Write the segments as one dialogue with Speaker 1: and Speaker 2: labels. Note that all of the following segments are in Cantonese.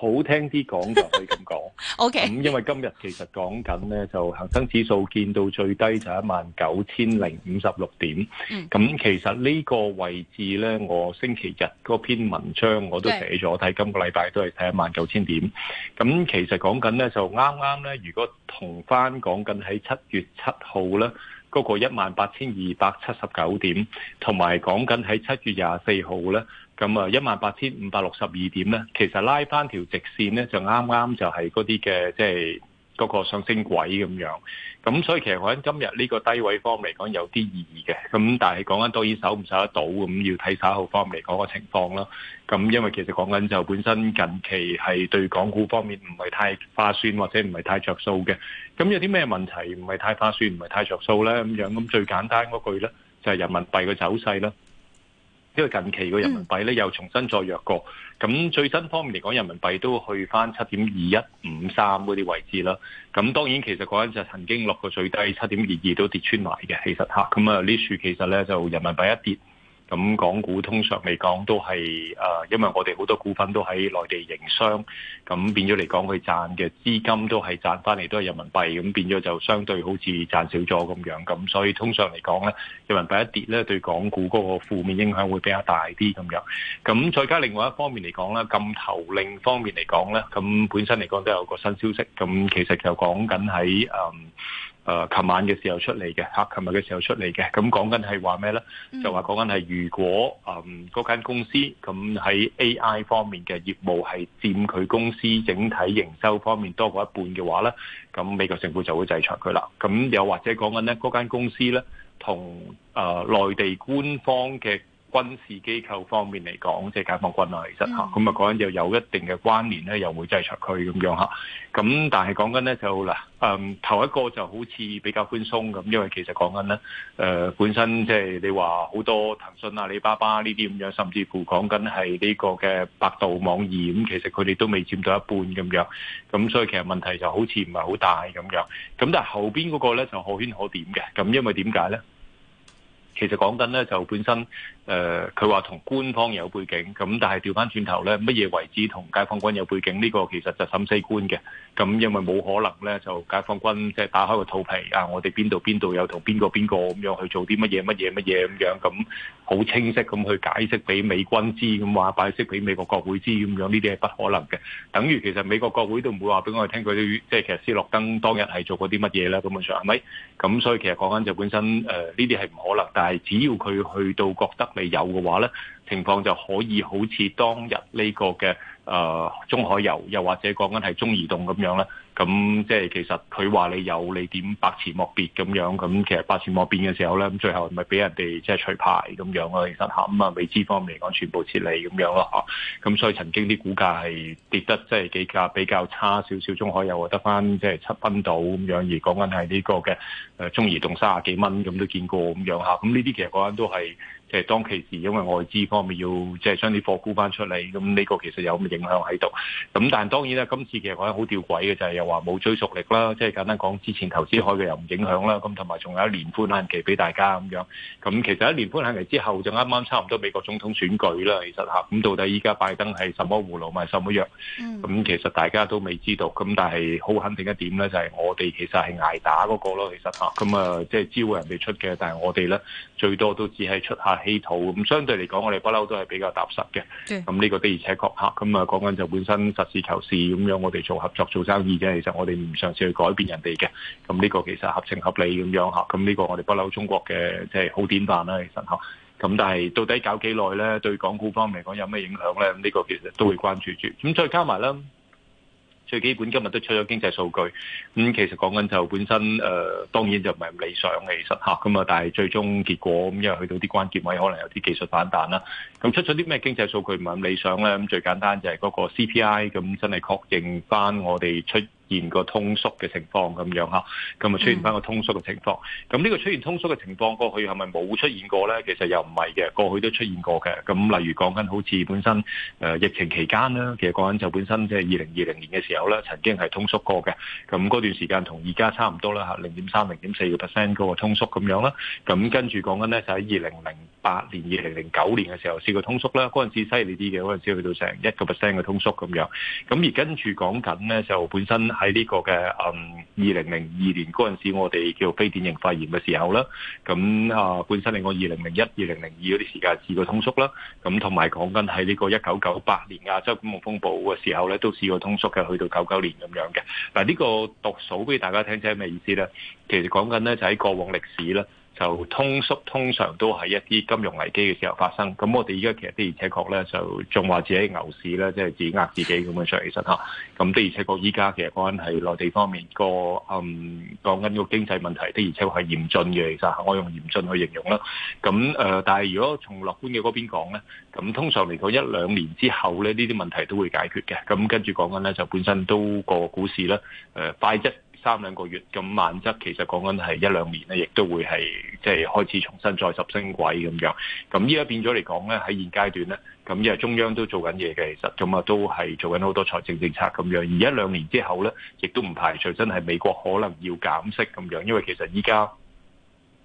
Speaker 1: 好聽啲講就可以咁講，O K。咁 Okay、嗯、因為今日其實講緊咧，就恒生指數見到最低就一萬九千零五十六點。咁、嗯、其實呢個位置咧，我星期日嗰篇文章我都寫咗，睇是今個禮拜都係睇一萬九千點。咁其實講緊咧，就啱啱咧，如果同翻講緊喺七月七號咧，嗰、嗰個一萬八千二百七十九點，同埋講緊喺七月廿四號咧。咁啊，一萬八千五百六十二點咧，其實拉翻條直線咧，就啱啱就係嗰啲嘅，即係嗰個上升軌咁樣。咁所以其實我覺得今日呢個低位方面嚟講有啲意義嘅。咁但係講緊當然守唔守得到咁，要睇稍後方面嚟講個情況囉。咁因為其實講緊就本身近期係對港股方面唔係太化算或者唔係太着數嘅。咁有啲咩問題唔係太化算，唔係太着數咧咁樣？咁最簡單嗰句咧就係人民幣嘅走勢啦。因為近期個人民幣咧又重新再弱過，咁最新方面嚟講，人民幣都去返七點二一五三嗰啲位置啦。咁當然其實嗰陣就曾經落過最低七點二二都跌穿埋嘅，其實吓，咁啊呢樹其實咧就人民幣一跌。咁港股通常嚟講都係誒、呃，因為我哋好多股份都喺內地營商，咁變咗嚟講，佢賺嘅資金都係賺翻嚟都係人民幣，咁變咗就相對好似賺少咗咁樣，咁所以通常嚟講咧，人民幣一跌咧，對港股嗰個負面影響會比較大啲咁樣。咁再加另外一方面嚟講咧，禁投令方面嚟講咧，咁本身嚟講都有個新消息，咁其實就講緊喺誒。嗯誒，琴晚嘅時候出嚟嘅嚇，琴日嘅時候出嚟嘅，咁講緊係話咩咧？就話講緊係如果誒嗰、嗯、間公司咁喺 AI 方面嘅業務係佔佢公司整體營收方面多過一半嘅話咧，咁美國政府就會制裁佢啦。咁又或者講緊咧嗰間公司咧，同誒、呃、內地官方嘅。軍事機構方面嚟講，即係解放軍啊，其實嚇，咁啊講緊又有一定嘅關聯咧，又會制裁佢咁樣嚇。咁但係講緊咧就嗱，嗯，頭一個就好似比較寬鬆咁，因為其實講緊咧，誒本身即係你話好多騰訊啊、阿里巴巴呢啲咁樣，甚至乎講緊係呢個嘅百度、網易咁，其實佢哋都未佔到一半咁樣。咁所以其實問題就好似唔係好大咁樣。咁但係後邊嗰個咧就可圈可點嘅。咁因為點解咧？其實講緊咧就本身。誒佢話同官方有背景，咁但係調翻轉頭咧，乜嘢位置同解放軍有背景？呢個其實就審死官嘅。咁因為冇可能咧，就解放軍即係打開個肚皮啊！我哋邊度邊度有同邊個邊個咁樣去做啲乜嘢乜嘢乜嘢咁樣，咁好清晰咁去解釋俾美軍知，咁話解釋俾美國國會知，咁樣呢啲係不可能嘅。等於其實美國國會都唔會話俾我哋聽佢，即係其實斯諾登當日係做過啲乜嘢啦？咁基本上係咪？咁所以其實講緊就本身誒呢啲係唔可能，但係只要佢去到覺得。係有嘅話咧，情況就可以好似當日呢個嘅誒、呃、中海油，又或者講緊係中移動咁樣啦。咁即係其實佢話你有，你點百詞莫辯咁樣？咁其實百詞莫辯嘅時候咧，咁最後咪俾人哋即係除牌咁樣咯。其實嚇，咁啊美資方面嚟講，全部撤離咁樣咯嚇。咁所以曾經啲股價係跌得即係幾價比較差少少，中海油啊得返即係七蚊到咁樣，而講緊係呢個嘅誒、呃、中移動三啊幾蚊咁都見過咁樣嚇。咁呢啲其實講緊都係。即係當其時，因為外資方面要即係將啲貨沽翻出嚟，咁呢個其實有咁影響喺度。咁但係當然啦，今次其實我覺得好吊詭嘅就係、是、又話冇追溯力啦，即、就、係、是、簡單講，之前投資海嘅又唔影響啦。咁同埋仲有一年寬限期俾大家咁樣。咁其實一年寬限期之後，就啱啱差唔多美國總統選舉啦。其實吓，咁到底依家拜登係什麼葫蘆咪什麼藥？咁、嗯、其實大家都未知道。咁但係好肯定一點咧，就係我哋其實係挨打嗰個咯。其實吓，咁啊，即係招人哋出嘅，但係我哋咧。最多都只係出下稀土咁，相對嚟講，我哋不嬲都係比較踏實嘅。咁呢個的而且確嚇，咁啊講緊就本身實事求是咁樣，我哋做合作做生意啫。其實我哋唔嘗試去改變人哋嘅。咁呢個其實合情合理咁樣嚇。咁呢個我哋不嬲中國嘅即係好典範啦。其實嚇，咁但係到底搞幾耐咧？對港股方面嚟講有咩影響咧？咁呢個其實都會關注住。咁再加埋啦。最基本今日都出咗經濟數據，咁、嗯、其實講緊就本身誒、呃，當然就唔係咁理想嘅，其實嚇咁啊，但係最終結果咁、嗯、因為去到啲關鍵位，可能有啲技術反彈啦。咁出咗啲咩經濟數據唔係咁理想咧？咁、嗯、最簡單就係嗰個 CPI，咁真係確認翻我哋出。現個通縮嘅情況咁樣吓，咁啊出現翻個通縮嘅情況。咁呢個出現通縮嘅情況過去係咪冇出現過咧？其實又唔係嘅，過去都出現過嘅。咁例如講緊好似本身誒疫情期間啦，其實講緊就本身即係二零二零年嘅時候咧，曾經係通縮過嘅。咁嗰段時間同而家差唔多啦吓，零點三、零點四個 percent 嗰個通縮咁樣啦。咁跟住講緊咧就喺二零零八年、二零零九年嘅時候試過通縮啦。嗰陣時犀利啲嘅，嗰陣時去到成一個 percent 嘅通縮咁樣。咁而跟住講緊咧就本身。喺呢個嘅嗯，二零零二年嗰陣時，我哋叫非典型肺炎嘅時候啦，咁啊本身令我二零零一、二零零二嗰啲時間試過通縮啦，咁同埋講緊喺呢個一九九八年亞洲金融風暴嘅時候咧，都試過通縮嘅，去到九九年咁樣嘅。但係呢個讀數俾大家聽，即係咩意思咧？其實講緊咧就喺過往歷史啦。就通縮通常都係一啲金融危機嘅時候發生，咁我哋而家其實的而且確咧就仲話自己牛市咧，即、就、係、是、自己壓自己咁樣上其實嚇。咁的而且確依家其實講緊係內地方面個嗯講緊個經濟問題的而且確係嚴峻嘅，其實我用嚴峻去形容啦。咁誒、呃，但係如果從樂觀嘅嗰邊講咧，咁通常嚟講一兩年之後咧，呢啲問題都會解決嘅。咁跟住講緊咧就本身都個股市咧誒快即。呃三兩個月咁慢則，萬其實講緊係一兩年咧，亦都會係即係開始重新再拾升軌咁樣。咁依家變咗嚟講咧，喺現階段咧，咁因為中央都做緊嘢嘅，其實咁啊都係做緊好多財政政策咁樣。而一兩年之後咧，亦都唔排除真係美國可能要減息咁樣，因為其實依家。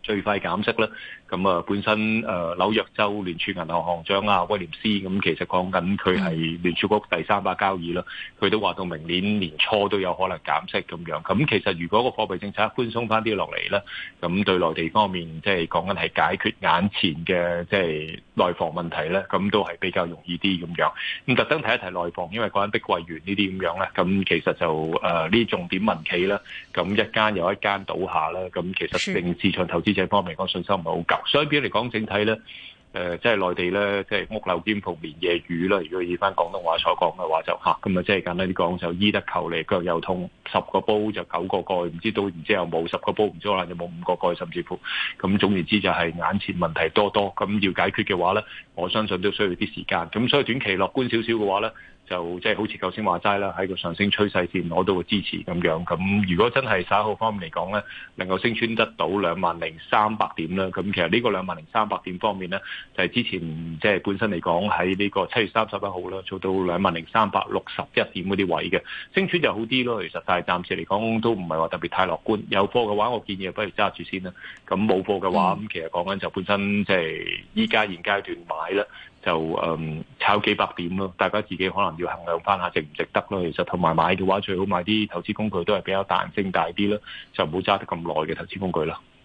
Speaker 1: 最快減息啦，咁啊本身誒紐約州聯儲銀行行長啊威廉斯咁，其實講緊佢係聯儲局第三把交椅啦，佢都話到明年年初都有可能減息咁樣。咁其實如果個貨幣政策寬鬆翻啲落嚟咧，咁對內地方面即係講緊係解決眼前嘅即係內房問題咧，咁都係比較容易啲咁樣。咁特登睇一睇內房，因為講緊碧桂園呢啲咁樣咧，咁其實就誒呢啲重點民企啦，咁一間又一間倒下啦，咁其實令市場投資。這方面個信心唔係好夠，所以變嚟講整體咧，誒、呃，即係內地咧，即係屋漏兼逢連夜雨啦。如果以返廣東話所講嘅話就吓咁啊，即係簡單啲講就醫得求嚟腳又痛，十個煲就九個蓋，唔知道到唔知有冇十個煲唔知可能有冇五個蓋，甚至乎咁總言之就係眼前問題多多，咁要解決嘅話咧，我相信都需要啲時間。咁所以短期樂觀少少嘅話咧。就即係好似頭先話齋啦，喺個上升趨勢線攞到個支持咁樣。咁如果真係十號方面嚟講咧，能夠升穿得到兩萬零三百點啦。咁其實呢個兩萬零三百點方面咧，就係、是、之前即係、就是、本身嚟講喺呢個七月三十一號啦，做到兩萬零三百六十一點嗰啲位嘅升穿就好啲咯。其實但係暫時嚟講都唔係話特別太樂觀。有貨嘅話，我建議不如揸住先啦。咁冇貨嘅話，咁、嗯、其實講緊就本身即係依家現階段買啦。就嗯炒幾百點咯，大家自己可能要衡量翻下值唔值得咯。其實同埋買嘅話，最好買啲投資工具都係比較彈性大啲咯，就唔好揸得咁耐嘅投資工具啦。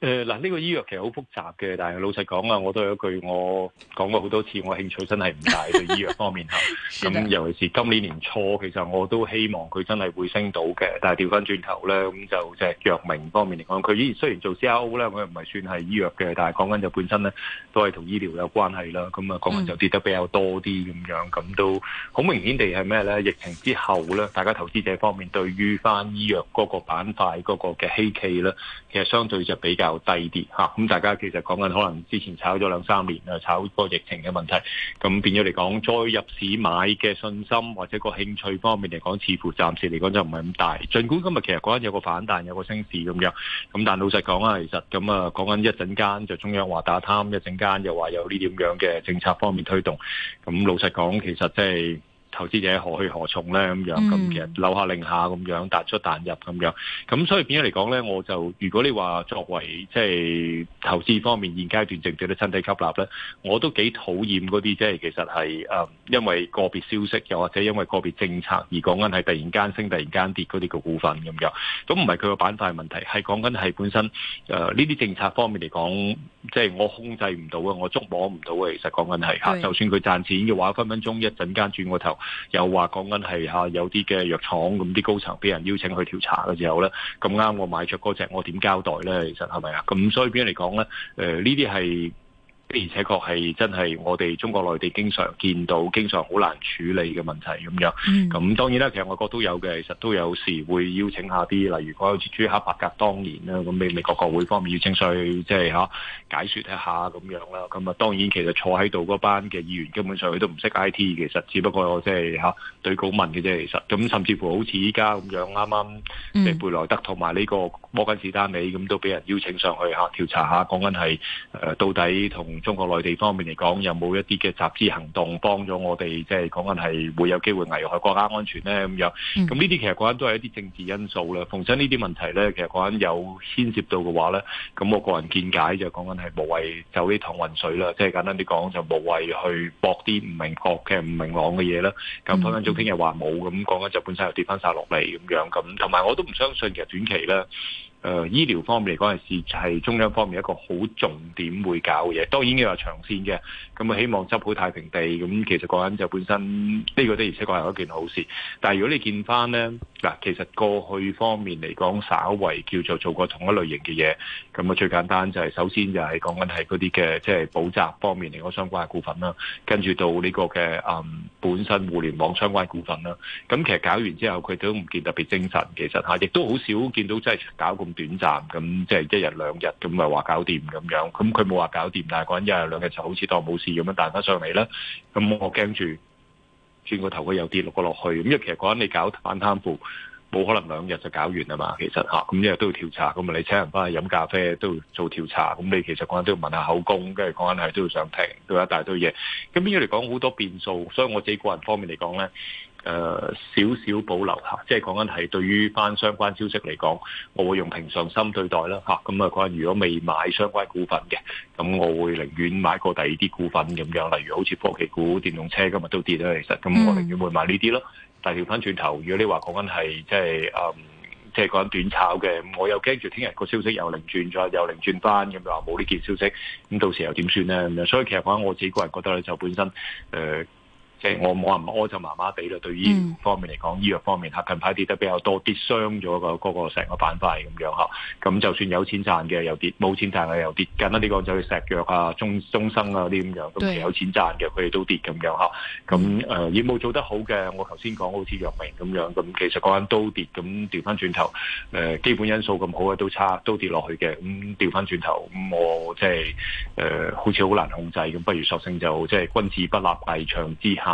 Speaker 1: 誒，嗱呢、呃，這個醫藥其實好複雜嘅，但係老實講啊，我都有一句我講過好多次，我興趣真係唔大對醫藥方面吓。咁 的尤其是今年年初，其實我都希望佢真係會升到嘅，但係調翻轉頭咧，咁就隻藥明方面嚟講，佢雖然做 CRO 咧，佢又唔係算係醫藥嘅，但係講緊就本身咧都係同醫療有關係啦。咁啊講緊就跌得比較多啲咁樣，咁都好明顯地係咩咧？疫情之後咧，大家投資者方面對於翻醫藥嗰個板塊嗰個嘅希冀咧，其實相對就比較較低啲吓，咁大家其實講緊可能之前炒咗兩三年啊，炒個疫情嘅問題，咁變咗嚟講，再入市買嘅信心或者個興趣方面嚟講，似乎暫時嚟講就唔係咁大。儘管今日其實講緊有個反彈，有個升市咁樣，咁但係老實講啊，其實咁啊講緊一陣間就中央話打貪，一陣間又話有呢點樣嘅政策方面推動，咁老實講其實即係。投資者何去何從咧？咁樣咁其實樓下令下咁樣，彈出彈入咁樣，咁所以變咗嚟講咧？我就如果你話作為即係投資方面現階段值唔值得趁低吸納咧，我都幾討厭嗰啲即係其實係、嗯、因為個別消息又或者因為個別政策而講緊係突然間升、突然間跌嗰啲個股份咁樣。咁唔係佢個板塊問題，係講緊係本身誒呢啲政策方面嚟講，即係我控制唔到啊，我捉摸唔到啊。其實講緊係對就算佢賺錢嘅話，分分鐘一陣間轉個頭。又話講緊係有啲嘅藥廠，咁啲高層俾人邀請去調查嘅時候咧，咁啱我買咗嗰隻，我點交代咧？其實係咪啊？咁所以邊嚟講咧？誒、呃，呢啲係。的而且確係真係我哋中國內地經常見到、經常好難處理嘅問題咁樣。咁、嗯、當然啦，其實外國都有嘅，其實都有時會邀請一下啲，例如好似朱克伯格當年啦，咁美美國國會方面邀、啊就是啊、邀請上去，即係嚇解説一下咁樣啦。咁啊當然其實坐喺度嗰班嘅議員根本上佢都唔識 IT，其實只不過即係嚇對稿問嘅啫。其實咁甚至乎好似依家咁樣啱啱即係貝萊德同埋呢個摩根士丹利咁都俾人邀請上去嚇調查下，講緊係誒到底同。中國內地方面嚟講，有冇一啲嘅集資行動幫咗我哋？即、就、係、是、講緊係會有機會危害國家安全咧咁樣。咁呢啲其實講緊都係一啲政治因素啦。逢親呢啲問題咧，其實講緊有牽涉到嘅話咧，咁我個人見解就是講緊係無謂走呢趟混水啦。即係簡單啲講，就無謂去搏啲唔明確嘅唔明朗嘅嘢啦。咁潘振中聽日話冇咁講緊，那就，那就本身又跌翻晒落嚟咁樣。咁同埋我都唔相信其實短期咧。誒、呃、醫療方面嚟講係事，就係中央方面一個好重點會搞嘅嘢。當然要話長線嘅，咁啊希望執好太平地。咁其實講緊就本身呢、呢個的而且確係一件好事。但係如果你見翻呢，嗱，其實過去方面嚟講，稍為叫做做過同一類型嘅嘢。咁啊最簡單就係首先就係講緊係嗰啲嘅即係補習方面嚟講相關嘅股份啦。跟住到呢個嘅本身互聯網相關股份啦。咁其實搞完之後，佢都唔見特別精神，其實嚇，亦都好少見到真係搞咁。短暫咁，即係一日兩日咁，咪話搞掂咁樣？咁佢冇話搞掂，但係嗰陣一日兩日就好似當冇事咁樣彈返上嚟啦。咁我驚住轉個頭佢又跌落個落去。咁因為其實嗰陣你搞反貪腐，冇可能兩日就搞完啊嘛。其實咁一日都要調查，咁你請人翻去飲咖啡都要做調查。咁你其實嗰陣都要問下口供，跟住嗰陣係都要上庭，都一大堆嘢。咁邊個嚟講好多變數，所以我自己個人方面嚟講咧。誒少少保留下，即係講緊係對於翻相關消息嚟講，我會用平常心對待啦嚇。咁啊，講緊如果未買相關股份嘅，咁我會寧願買過第二啲股份咁樣，例如好似科技股、電動車今日都跌啦，其實咁我寧願會買呢啲咯。Mm. 但調翻轉頭，如果你話講緊係即係誒，即係講緊短炒嘅，我又驚住聽日個消息又零轉咗，又零轉翻咁樣，話冇呢件消息，咁到時又點算咧？咁樣，所以其實講我自己個人覺得咧，就本身誒。呃 我冇話唔屙就麻麻地啦。對於方面嚟講，嗯、醫藥方面嚇，近排跌得比較多，跌傷咗個嗰成個板塊咁樣嚇。咁就算有錢賺嘅又跌，冇錢賺嘅又跌。簡單啲講就係石藥啊、中中生啊嗰啲咁樣，咁有錢賺嘅佢哋都跌咁樣嚇。咁誒業務做得好嘅，我頭先講好似藥明咁樣，咁其實嗰間都跌。咁調翻轉頭，誒、呃、基本因素咁好嘅都差，都跌落去嘅。咁調翻轉頭，咁、嗯、我即係誒好似好難控制。咁不如索性就即係君子不立危牆之下。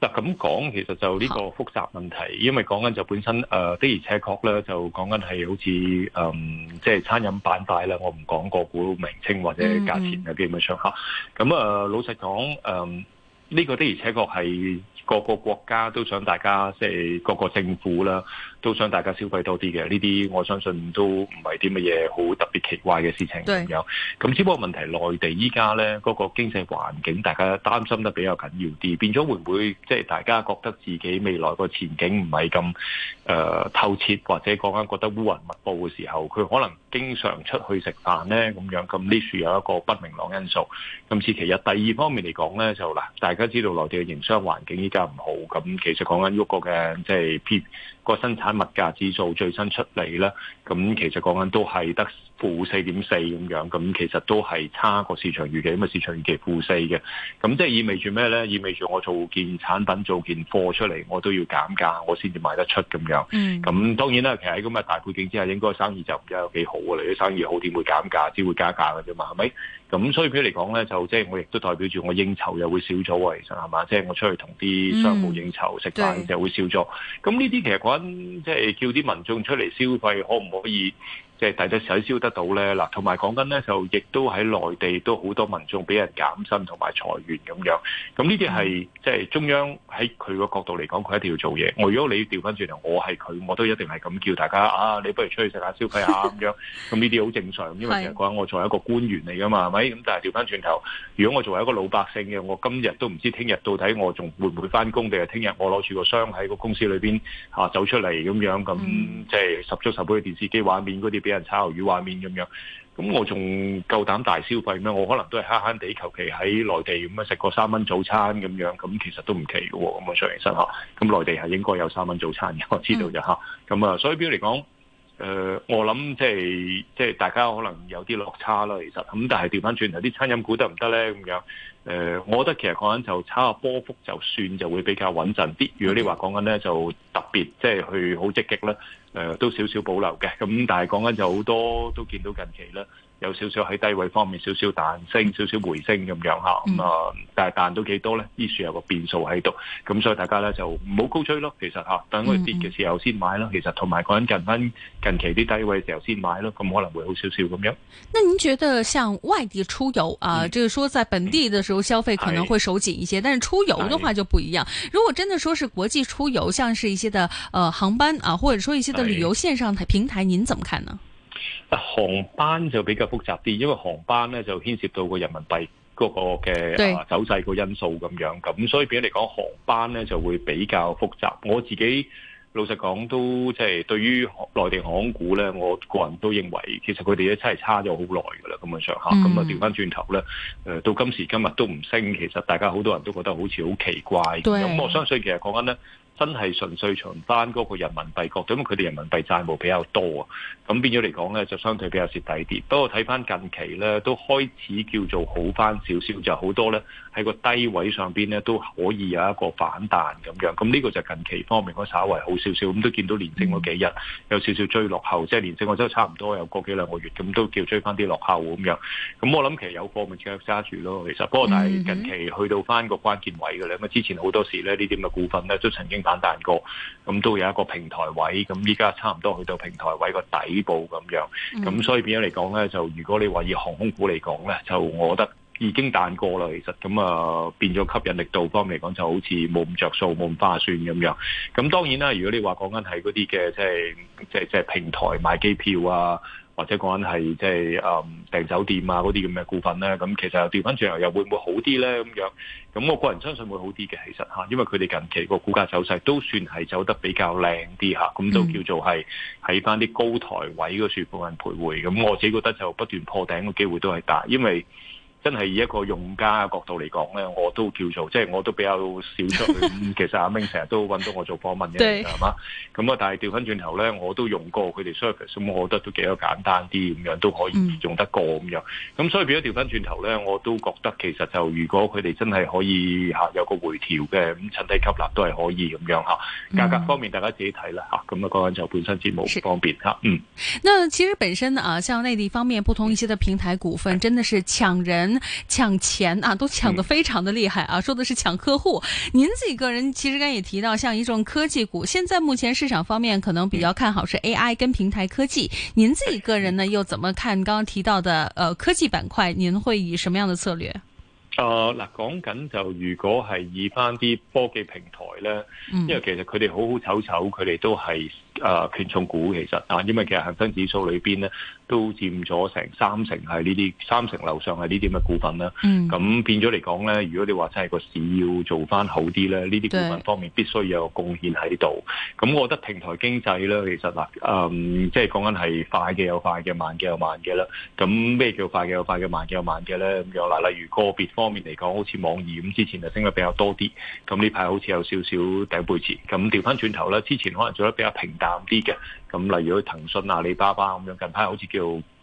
Speaker 1: 嗱咁講，其實就呢個複雜問題，好因為講緊就本身誒、呃、的而且確咧，就講緊係好似誒，即、嗯、係、就是、餐飲板塊呢，我唔講個股名稱或者價錢啊，基本上嚇。咁啊，老實講，誒、嗯、呢、呢個的而且確係各個國家都想大家即係、就是、各個政府啦。都想大家消費多啲嘅，呢啲我相信都唔係啲乜嘢好特別奇怪嘅事情咁對樣。咁只不過問題，內地依家呢個、那個經濟環境，大家擔心得比較緊要啲，變咗會唔會即係、就是、大家覺得自己未來個前景唔係咁誒透徹，或者講緊覺得烏雲密布嘅時候，佢可能經常出去食飯呢。咁樣，咁呢處有一個不明朗因素。咁似其實，第二方面嚟講呢，就嗱，大家知道內地嘅營商環境依家唔好，咁其實講緊喐個嘅即係個生產。物價指數最新出嚟咧，咁其實講緊都係得負四點四咁樣，咁其實都係差過市場預期，咁啊市場預期負四嘅，咁即係意味住咩咧？意味住我做件產品、做件貨出嚟，我都要減價，我先至賣得出咁樣。咁、mm. 當然啦，其實喺咁嘅大背景之下，應該生意就唔知有幾好啊！你啲生意好點會減價，只會加價嘅啫嘛，係咪？咁所以譬如嚟講咧，就即係我亦都代表住我應酬又會少咗其實係嘛？即係、就是、我出去同啲商務應酬食、嗯、飯，就對 會少咗。咁呢啲其實講緊即係叫啲民眾出嚟消費，可唔可以？即係大家使手消得到咧，嗱，同埋講緊咧就亦都喺內地都好多民眾俾人減薪同埋裁員咁樣，咁呢啲係即係中央喺佢個角度嚟講，佢一定要做嘢。我如果你調翻轉頭，我係佢，我都一定係咁叫大家啊！你不如出去食下消費啊，咁 樣，咁呢啲好正常，因為其實講我作為一個官員嚟噶嘛，係咪？ 咁但係調翻轉頭，如果我作為一個老百姓嘅，我今日都唔知聽日到底我仲會唔會翻工，定係聽日我攞住個箱喺個公司裏邊啊走出嚟咁樣，咁即係十足十倍嘅電視機畫面嗰啲。有人炒魷魚畫面咁樣，咁我仲夠膽大消費咩？我可能都係慳慳地，求其喺內地咁樣食個三蚊早餐咁樣，咁其實都唔奇嘅喎。咁啊，上其實嚇，咁內地係應該有三蚊早餐嘅，我知道就吓。咁啊、嗯，所以表嚟講，誒、呃，我諗即係即係大家可能有啲落差啦。其實咁，但係調翻轉頭，啲餐飲股得唔得咧？咁樣。誒， 我覺得其實講緊就炒下波幅就算，就會比較穩陣啲。如果你話講緊咧，就特別即係、就是、去好積極啦，誒都少少保留嘅。咁但係講緊就好多都見到近期啦。有少少喺低位方面少少彈升，少少回升咁樣吓，咁、嗯、啊，嗯、但係彈到幾多呢？呢處有個變數喺度，咁所以大家呢就唔好高追咯。其實吓、啊，等佢跌嘅時候先買咯。嗯、其實同埋講緊近翻近期啲低位時候先買咯，咁可能會好少少咁樣。
Speaker 2: 那您覺得，像外地出遊、嗯、啊，就是說在本地的時候消費可能會手緊一些，嗯嗯、但是出遊的話就不一樣。是如果真的說是國際出遊，像是一些的呃航班啊，或者說一些的旅遊線上平台，是您怎麼看呢？
Speaker 1: 航班就比較複雜啲，因為航班咧就牽涉到個人民幣嗰個嘅走勢個因素咁樣，咁對所以變咗嚟講，航班咧就會比較複雜。我自己老實講，都即係對於內地航空股咧，我個人都認為，其實佢哋一真係差咗好耐噶啦，咁樣上下，咁啊調翻轉頭咧，誒到今時今日都唔升，其實大家好多人都覺得好似好奇怪咁。對我相信其實講緊咧。真係純粹循翻嗰個人民幣角度，咁佢哋人民幣債務比較多啊，咁變咗嚟講咧就相對比較蝕底啲。不過睇翻近期咧都開始叫做好翻少少，就好多咧喺個低位上邊咧都可以有一個反彈咁樣。咁呢個就近期方面嗰稍微好少少，咁都見到連升嗰幾日有少少追落後，即係連升我真係差唔多有過幾兩個月咁都叫追翻啲落後咁樣。咁我諗其實有貨咪繼續揸住咯，其實。不過但係近期去到翻個關鍵位㗎啦，因為之前好多時咧呢啲咁嘅股份咧都曾經。反彈過，咁都有一個平台位，咁依家差唔多去到平台位個底部咁樣，咁所以變咗嚟講呢，就如果你話以航空股嚟講呢，就我覺得已經彈過啦，其實，啊，咁啊變咗吸引力度方面嚟講就好似冇咁着數，冇咁花算咁樣咁當然啦，如果你話講緊係嗰啲嘅，即係即係即係平台賣機票啊。或者講緊係即係誒訂酒店啊嗰啲咁嘅股份咧，咁其實調翻轉頭又會唔會好啲咧咁樣？咁我個人相信會好啲嘅，其實嚇，因為佢哋近期個股價走勢都算係走得比較靚啲嚇，咁都叫做係喺翻啲高台位嗰處部分徘徊。咁我自己覺得就不斷破頂嘅機會都係大，因為。真係以一個用家嘅角度嚟講咧，我都叫做即係我都比較少出去。其實阿明成日都揾到我做訪問嘅係嘛。咁啊，但係調翻轉頭咧，我都用過佢哋 service，咁我覺得都幾咁簡單啲，咁樣都可以用得過咁樣咁，所以變咗調翻轉頭咧，我都覺得其實就如果佢哋真係可以嚇有個回調嘅咁趁低吸納都係可以咁樣嚇。價格方面大家自己睇啦嚇。咁啊嗰陣就本身節目方便嗯。
Speaker 2: 嗱，其實本身啊，像內地方面不同一些嘅平台股份，真的是搶人。搶錢啊，都搶的非常的厲害啊！嗯、說的是搶客戶，您自己個人其實剛也提到，像一眾科技股，現在目前市場方面可能比較看好是 AI 跟平台科技。您自己個人呢，又怎麼看剛剛提到的呃科技板塊？您會以什麼樣的策略？
Speaker 1: 呃，嗱，講緊就如果係以翻啲科技平台呢，因為其實佢哋好好丑醜，佢哋都係。啊，權重股其實啊，因為其實恒生指數裏邊咧，都佔咗成三成係呢啲，三成樓上係呢啲咁嘅股份啦。咁、mm. 變咗嚟講咧，如果你話真係個市要做翻好啲咧，呢啲股份方面必須要有貢獻喺度。咁對我覺得平台經濟咧，其實嗱，嗯，即係講緊係快嘅有快嘅，慢嘅有慢嘅啦。咁咩叫快嘅有快嘅，慢嘅有慢嘅咧？咁樣嗱，例如個別方面嚟講，好似網易咁，之前就升得比較多啲，咁呢排好似有少少頂背馳。咁調翻轉頭咧，之前可能做得比較平淡。啲嘅，咁例如去騰訊、阿里巴巴咁樣，近排好似叫。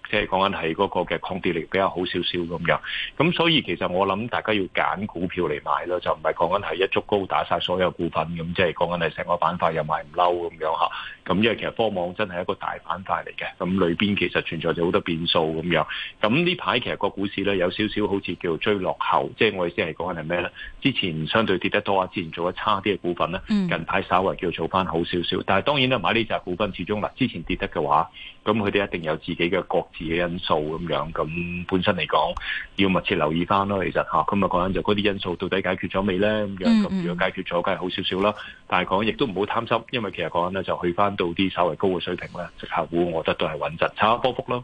Speaker 1: 即係講緊係嗰個嘅抗跌力比較好少少咁樣，咁所以其實我諗大家要揀股票嚟買咯，就唔係講緊係一竹篙打晒所有股份咁，即係講緊係成個板塊又買唔嬲咁樣嚇。咁因為其實科網真係一個大板塊嚟嘅，咁裏邊其實存在咗好多變數咁樣。咁呢排其實個股市咧有少少好似叫追落後，即係我意思係講緊係咩咧？之前相對跌得多啊，之前做得差啲嘅股份咧，mm. 近排稍為叫做做返好少少，但係當然啦，買呢隻股份始終喇，之前跌得嘅話，咁佢哋一定有自己嘅個。自己因素咁樣，咁本身嚟講要密切留意翻咯。其實嚇咁啊，講緊就嗰啲因素到底解決咗未咧？咁樣如果解決咗，梗係好少少啦。但係講亦都唔好貪心，因為其實講緊咧就去翻到啲稍微高嘅水平咧，即客戶，我覺得都係穩陣，差波幅咯。